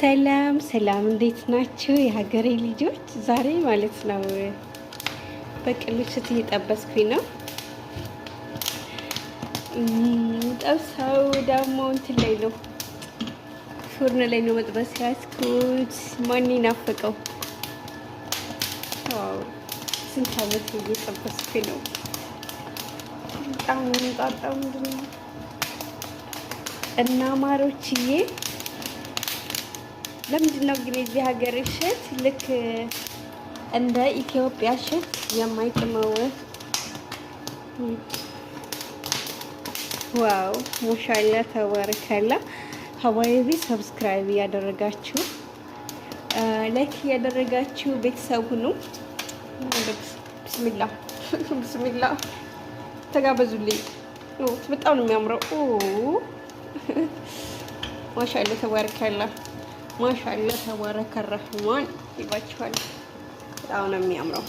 ሰላም ሰላም፣ እንዴት ናችሁ የሀገሬ ልጆች? ዛሬ ማለት ነው በቅልችት እየጠበስኩኝ ነው። ጠብሰው ደግሞ እንትን ላይ ነው ፉርን ላይ ነው መጥበስ ያስኩት። ማን ናፈቀው? ስንት ዓመት እየጠበስኩኝ ነው። በጣም ጣጣ እና ማሮችዬ ለምንድን ነው ግን የዚህ ሀገር እሸት ልክ እንደ ኢትዮጵያ እሸት የማይጥመው? ዋው ሙሻላ ተባረከላ። ሀዋይቢ ሰብስክራይብ እያደረጋችሁ ላይክ እያደረጋችሁ ቤተሰብ ሁኑ። ብስሚላ ብስሚላ ተጋበዙልኝ። በጣም ነው የሚያምረው። ማሻአላ ተባረከላ። ማሻላ ተባረከ ረህማን ይባችኋል። በጣም ነው የሚያምረው።